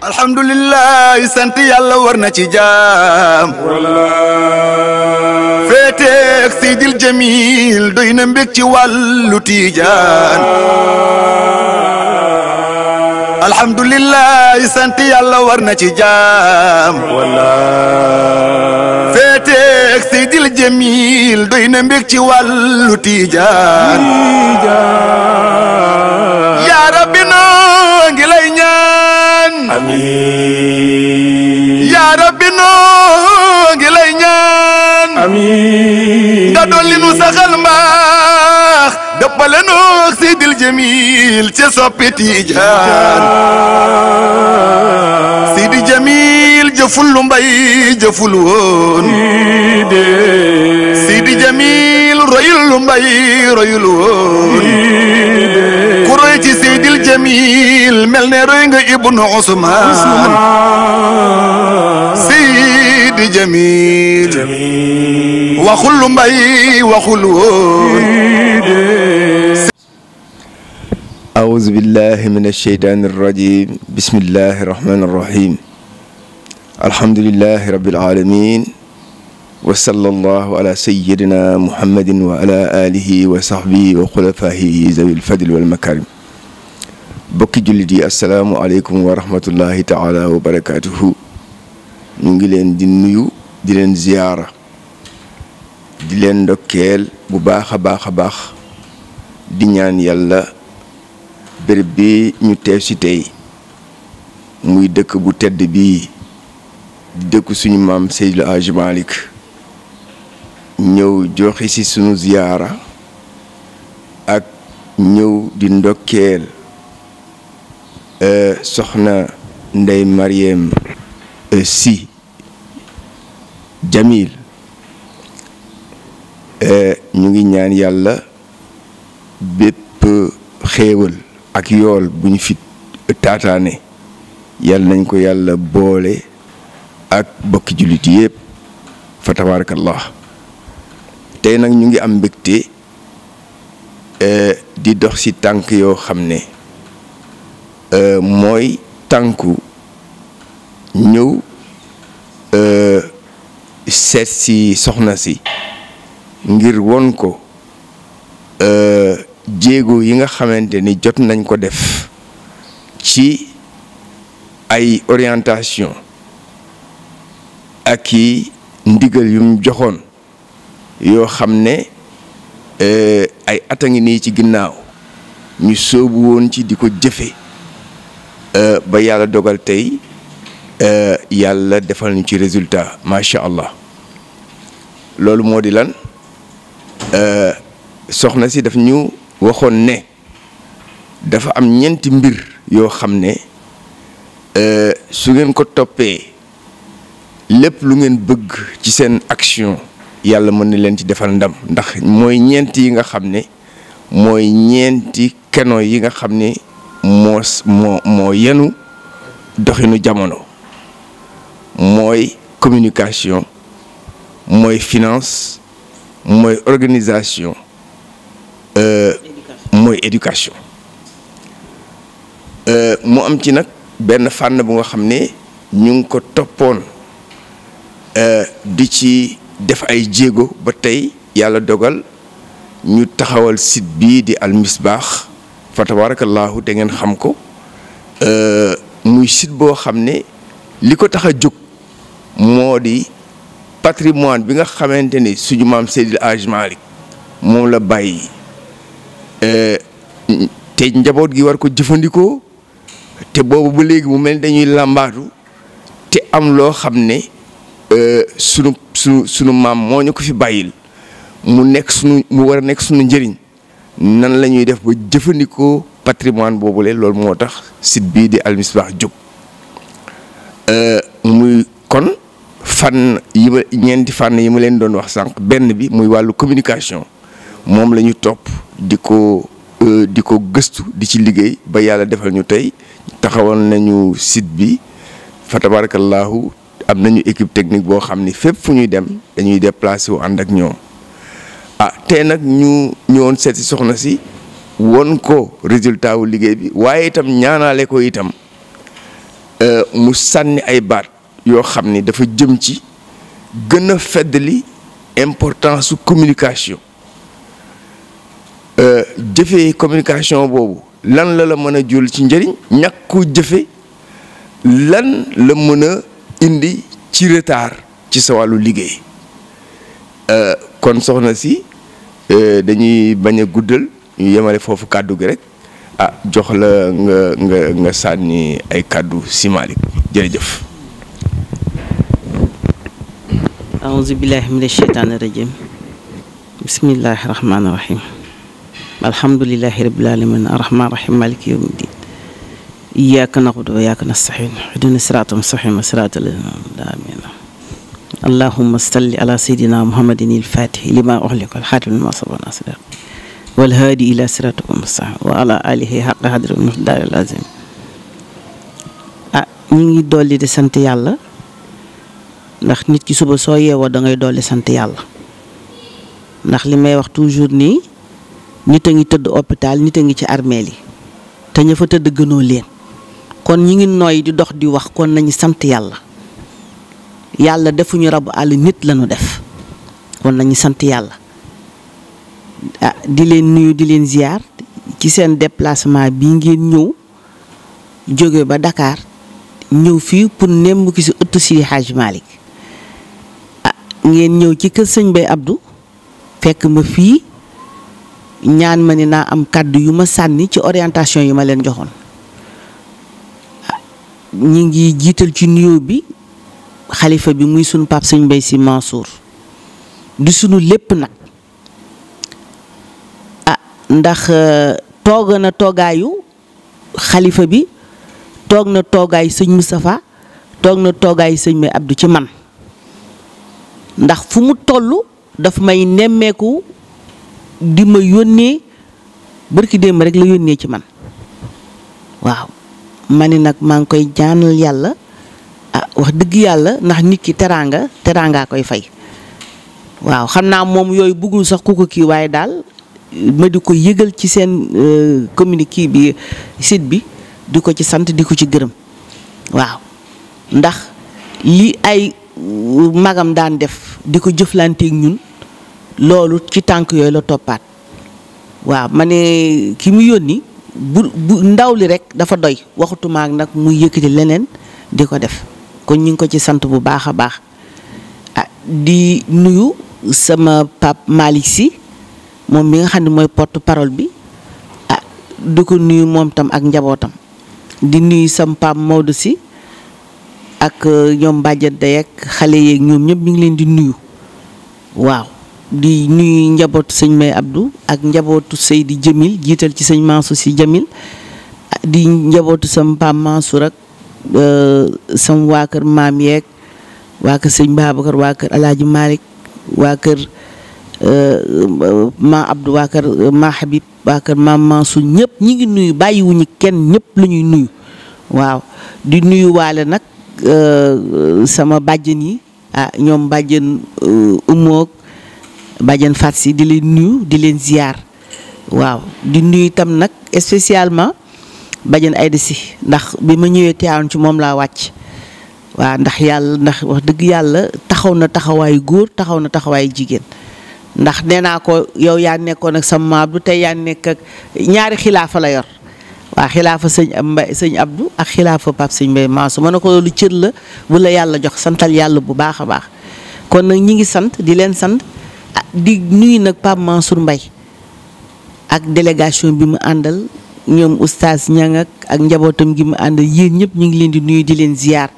alhamdulilah sant yàlla war na ci jaam. walaay. féeteeg Seydil Jamil doy na mbég ci wàllu tijaan. alhamdulilah sant yàlla war na ci jaam. walaay. féeteeg Seydil Jamil doy na mbég ci wàllu tijaan. tijaan. yaa rabbi noo. dolli nu saxal mbaax dëppale noog sidil jamil ci soppi tiijaan sidi jamil jëful lu mbay jëful woon sidi jamil royul lu mbay royul woon ku roy ci sidil jamil mel ne roy nga ibnu usmaan sidi jamil وخل بي وخل أعوذ بالله من الشيطان الرجيم بسم الله الرحمن الرحيم الحمد لله رب العالمين وصلى الله على سيدنا محمد وعلى آله وصحبه وخلفائه ذوي الفضل والمكارم بك جلدي السلام عليكم ورحمة الله تعالى وبركاته barakaatuhu ñu ngi leen di leen ndokkeel bu baax a baax a baax di ñaan yàlla bërëb bi ñu teew ci tey muy dëkk bu tedd bii di dëkk suñu maam Seydil Hadji Malick ñëw joxe ci suñu ziyaara ak ñëw di ndokkeel e, soxna Ndey Mariam e, Sy Jamil Eh, ñu ngi ñaan yàlla bépp xéewal ak yool bu ñu fi taataane yàlla nañ ko yàlla boole ak bokki jullit yépp fa tabaarakallah tey nag ñu ngi am mbégte eh, di dox ci tànk yoo xam ne eh, mooy tànku ñëw seet ci soxna si ngir won ko euh, jéego yi nga xamante ni jot nañ ko def ci ay orientation ak i ndigal yum joxoon yoo xam ne euh, ay at a ngi nii ci ginnaaw ñu sóobu woon ci di ko jëfe euh, ba yàlla dogal tey yàlla defal ñu ci résultat macha allah loolu moo di lan Euh, soxna si daf ñu waxoon ne dafa am ñeenti mbir yoo xam ne euh, su ngeen ko toppee lépp lu ngeen bëgg ci seen action yàlla mën na leen ci defal ndam ndax mooy ñeenti yi nga xam ne mooy ñeenti keno yi nga xam ne moo moo moo yenu doxinu jamono mooy communication mooy finance mooy organisation euh, mooy éducation euh, mu am ci nag benn fànn bu nga xam ne ñu ngi ko toppoon euh, di ci def ay jéego ba tey yàlla dogal ñu taxawal site bii di Al Misbah fa tabarakallahu da xam ko muy site boo xam ne li ko tax a jóg moo di patrimoine bi nga xamante ni suñu maam Seydil Hadj Malick moom la bàyyi euh, te njaboot gi war ko jëfandikoo te boobu ba léegi mu mel dañuy làmbaatu te am loo xam ne euh, sunu sunu sunu maam moo ñu ko fi bàyyil mu nekk sunu mu war a nekk suñu njëriñ nan la ñuy def ba jëfandikoo patrimoine le loolu moo tax sit bii di Al Misbah jóg euh, muy kon fànn yi ma ñeenti fànn yi ma leen doon wax sànq benn bi muy wàllu communication moom la ñu topp di ko euh, di ko gëstu di ci liggéey ba yàlla defal ñu tey taxawal nañu site bi fa tabarakallahu am nañu équipe technique boo xam ni fépp fu ñuy dem dañuy déplacé wu ànd ak ñoom ah tey nag ñu ñëwoon seeti soxna si won ko résultat wu liggéey bi waaye itam ñaanaale ko itam euh, mu sànni ay baat yoo xam ni dafa jëm ci gën a feddali importance su communication euh, jëfee communication boobu lan la la mën a ci njëriñ ñakku jëfé lan la mëna indi ci retard ci sa wàllu liggéey euh, kon soxna si euh, dañuy bañ guddal ñu yemale fofu cadeau gi rek ah jox la nga nga nga sànni ay kàddu si Malick jërëjëf أعوذ بالله من الشيطان الرجيم بسم الله الرحمن الرحيم الحمد لله رب العالمين الرحمن الرحيم مالك يوم الدين إياك نعبد وإياك نستعين اهدنا الصراط المستقيم صراط الذين اللهم صل على سيدنا محمد الفاتح لما أغلق الخاتم لما سبق ناصر والهادي إلى صراطك المستقيم وعلى آله حق قدر المقدار العظيم أ نيجي دولي دي سانت يالله ndax nit ki suba so yeewoo da ngay doole sante yalla ndax limay wax toujours ni nit a ngi hôpital nit ngi ci armée li te ñafa teud kon ñi ngi noy di dox di wax kon nañu Yalla yalla defu ñu rabu àll nit lañu def kon nañu sante yalla ah, di leen nuyu di leen ziar ci seen déplacement bi ngeen ñew ba Dakar ñew fi pour nembu ki si auto si Hajj Malik ngeen ñëw ci kër sëñbay Bay fekk ma fii ñaan ma ni naa am kàddu yu ma sànni ci orientation yi ma leen joxoon ñi ngi jiital ci nuyoo bi xalifa bi muy sunu pap sëñ Bay si Mansour di sunu lépp nag ah ndax euh, toog na toogaayu xalifa bi toog na toogaayu sëñ Moustapha toog na toogaayu sëñ Bay Abdou ci man ndax fu mu toll dafa may nemmeeku di ma yónnee bërki démb rek la yónnee ci man waaw ma ne nag maa ngi koy ñaanal yàlla ah wax dëgg yàlla ndax nit ki teraanga teraangaa koy fay waaw xam naa moom yooyu bëggul sax ku ko kii waaye daal ma di ko yëgal ci seen euh, communiqué bi sit bi di ko ci sant di ko ci gërëm waaw ndax li ay magam daan def di ko jëflanteeg ñun loolu ci tànk yooyu la toppaat waaw ma ne ki mu yónni bu bu ndaw li rek dafa doy waxatuma nag muy yëkkati leneen di ko def kon ñu ngi ko ci sant bu baax a baax ah di nuyu sama Pape Malick moom mi nga xam ne mooy porte parole bi ah di ko nuyu moom tam ak njabootam di nuyu sama Pape Maodo si ak euh, ñoom bàjjat day ak xale yeeg ñoom ñëpp ñu ngi leen di nuyu waaw di nuyu njabootu sëñ May Abdou ak njabootu Seydi Jamil jiital ci sëñ Mansour si Jamil di njabootu sam Pam Mansour ak euh, sam waa kër maam yeek waa kër sëñ Babacar waa kër El Hadj waa kër euh, ma Abdou waa kër ma Habib waa kër maam Mansour ñëpp ñi ngi nuyu bàyyiwuñu kenn ñëpp la ñuy nuyu waaw di nuyu nag. Euh, sama bàjjen yi ah ñoom bàjjen euh, umoog bàjjen fat si di leen nuyu di leen ziar waaw di nuyu itam nag spécialement bàjjen Aïda si ndax bi ma ñëwee Tiwaawan ci moom laa wàcc waa ndax yàlla ndax wax dëgg yàlla taxaw na taxawaayu góor taxaw na taxawaayu jigéen ndax nee naa ko yow yaa nekkoon ak sama maam du tey yaa nekk ak ñaari xilaafa la yor waa xilaafa sëñ Mbaye sëñ Abdou ak xilaafa Pape sëñ Mbaye Mansour ma ne ko loolu cër la bu la yàlla jox santal yàlla bu baax a baax kon nag ñi ngi sant di leen sant ah, di nuyu nag Pape Mansour mbay ak délégation bi mu àndal ñoom oustaz ñang ak njabootam gi mu àndal yéen ñëpp ñu ngi leen di nuyu di leen ziyaar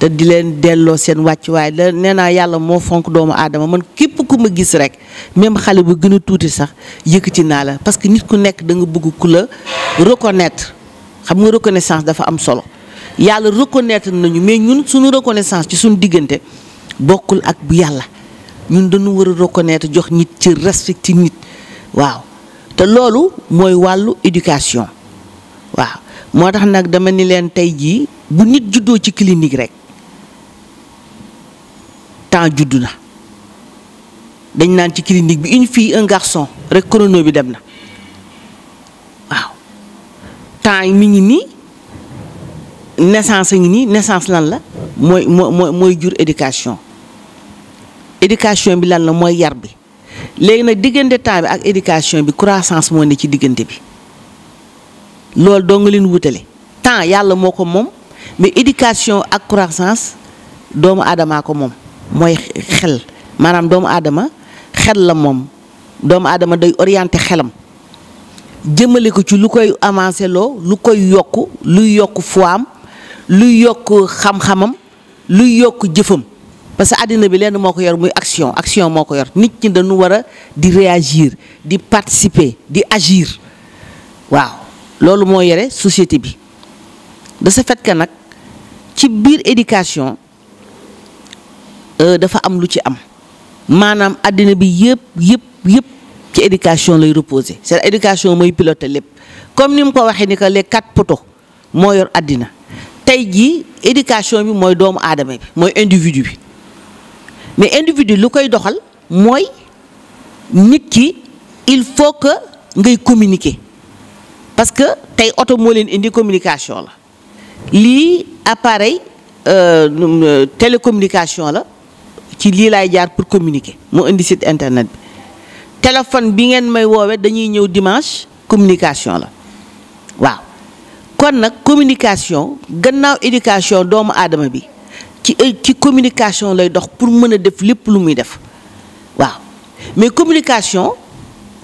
te di leen delloo seen wàccuwaay da nee naa yàlla moo fonk doomu aadama man képp ku ma gis rek même xale bu gën a tuuti sax yëkkati naa la parce que nit ku nekk danga nga bëgg ku la reconnaître xam nga reconnaissance dafa am solo yàlla reconnaître nañu mais ñun suñu reconnaissance ci suñu diggante bokkul ak bu yàlla ñun dañu war a reconnaître jox nit ci respecté nit waaw te loolu mooy wàllu éducation waaw moo tax nag dama ni leen tey jii bu nit juddoo ci clinique rek temps juddu na dañ naan ci clinique bi une fille un garçon rek chrono bi dem na waaw temps mi ngi nii naissance ngi nii naissance lan la mooy mooy mooy jur éducation éducation bi lan la mooy yar bi léegi nag diggante temps bi ak éducation bi croissance moo ne ci diggante bi loolu doo nga leen wutale temps yàlla moo ko moom mais éducation ak croissance doomu aadamaa ko moom mooy xel maanaam doomu aadama xel la moom doomu aadama day orienté xelam jëmale ko ci lu koy avancé loo lu koy yokk luy yokk foam luy yokk xam-xamam luy yokk jëfam parce que àddina bi lenn moo ko yor muy action action moo ko yor nit ñi dañu war a di réagir di participer di agir waaw loolu moo yore société bi de ce nag ci biir éducation Euh, dafa am lu ci am manam adina bi yëpp yëpp yëpp ci éducation lay reposer c'est éducation moy piloter lepp comme ni ko waxé ni que les quatre poteaux moo yor adina tey jii éducation bi moy doomu adame bi moy individu bi mais individu lu koy doxal moy nit ki il faut que ngay communiquer parce que tay auto mo len indi communication la li appareil euh, télécommunication la ci lii jaar pour communiquer mon indi site internet téléphone bi ngeen may woowee dañuy ñëw dimanche communication la waaw kon la communication gannaaw éducation doomu aadama bi ci euh, ci communication lay dox pour mën a def lépp lu muy def waaw mais communication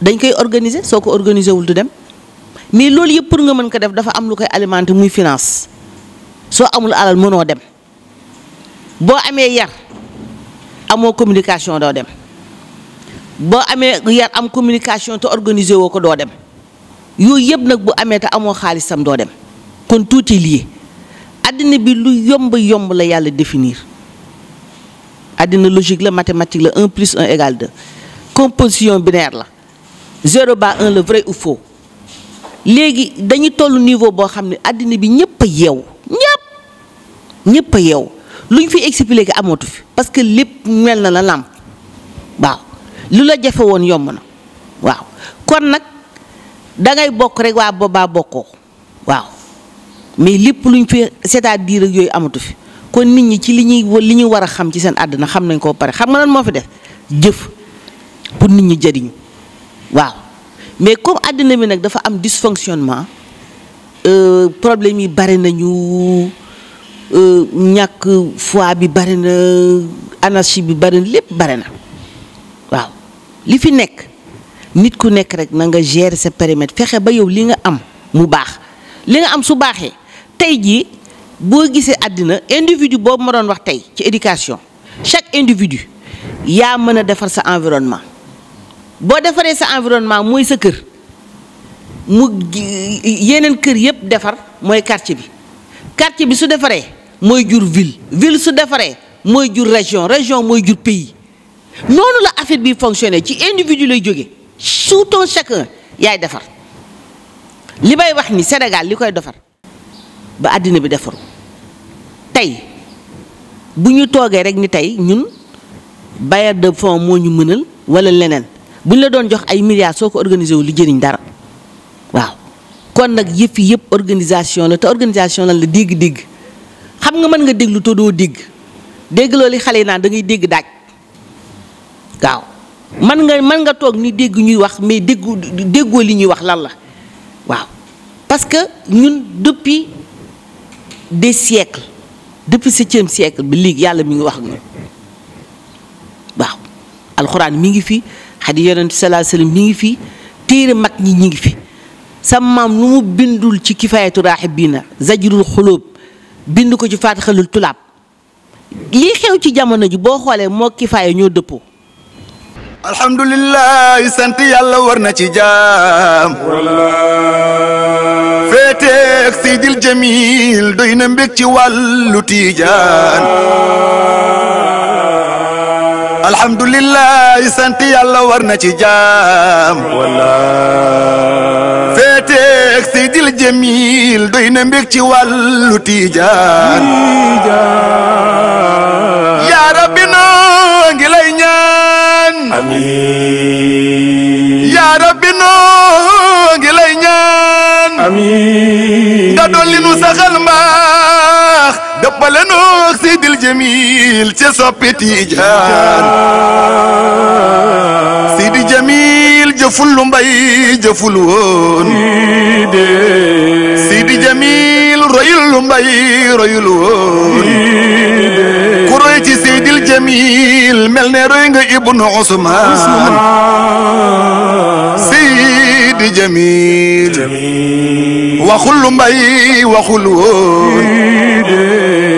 dañ koy organiser soo ko organiser wul du dem mais loolu yëpp pour nga mën ko def dafa am lu koy alimenter muy finance soo amul alal mënoo dem boo amee yar amo communication do dem bo amé riyat am communication to organiser woko do dem yoyep nak bu amé ta amo khalissam do dem kon tout est lié adina bi lu yomb yomb la yalla définir adina logique la mathématique la 1 plus 1 égale 2 composition binaire la 0 ba 1 le vrai ou faux légui dañu tollu niveau bo xamné adina bi ñepp yew ñepp ñepp yew lu ñu fi expliqué amatu fi parce que lépp mel na la làmp waaw lu la jafe woon yomb na waaw kon nag dangay bokk rek waa boobaa bokkoo waaw mais lépp lu luñ fi c'est-à-dire ak yooyu amatu fi kon nit ñi ci li ñuy li ñu war a xam ci seen àddina xam nañ ko pare xam nga lan moo fi def jëf pour nit ñi jëriñu waaw mais comme àddina bi nag dafa am dysfonctionnement euh, problème yi bare nañu. Euh, ñàkk foi bi bari na anarchie bi bari lépp bari na waaw li fi nekk nit ku nekk rek na nga gérer sa périmètre fexe ba yow li nga am mu baax li nga am su baaxee tey jii boo gisee àddina individu boobu ma doon wax tey ci éducation chaque individu yaa mën a defar sa environnement boo defaree sa environnement mooy sa kër mu yeneen kër yépp defar mooy quartier bi. quartier bi su defaree mooy jur ville ville su defaree mooy jur région région mooy jur pays noonu la affaire bi fonctionné ci individu lay jóge sous ton chacun yaay defar li may wax ni Sénégal li koy defar ba àddina bi defaru tey bu ñu toogee rek ni tey ñun bailleur de fonds moo ñu mënal wala leneen bu ñu la doon jox ay milliards soo ko organisé wu li jëriñ dara kon nag yëf yi yëpp organisation la te organisation lan la dégg-dégg xam nga mën nga déglu te doo dégg dégg li xale yi naan da ngay dégg daaj waaw man nga mën nga toog ni dégg ñuy wax mais déggu déggoo li ñuy wax lan la waaw parce que ñun depuis de siècles depuis septième siècle bi léegi yàlla mi ngi wax ak ñun waaw alxuraan mi ngi fi xadi yeneen salaa sallam mi ngi fi téere mag ñi ñi ngi fi sa maam lu mu bindul ci kifaayatu raaxibiina zajrul xulóob bind ko ci faatixalul tulaab lii xew ci jamono ji boo xoolee moo kifaaya ñoo dëppoo alhamdulilah sant yàlla war na ci jaam féeteeg siydil jamil doy na mbég ci wàllu tiijaan alhamdulilah sant yàlla war na ci jaam. wallaahi. féeteeg Seydil Jamil doy na mbég ci wàllu Tijaan. Tijaan. yaa rabbi noo ngi lay ñaan. amiin. yaa rabbi noo ngi lay ñaan. amiin. قبل سيد الجميل تسوبتي جان سيد جميل جفل مباي جفلون سيد جميل ريل مباي ريلون كريتي سيد الجميل ملنا رينغ ابن عثمان بجميل جميل وخلوا مي وخلوا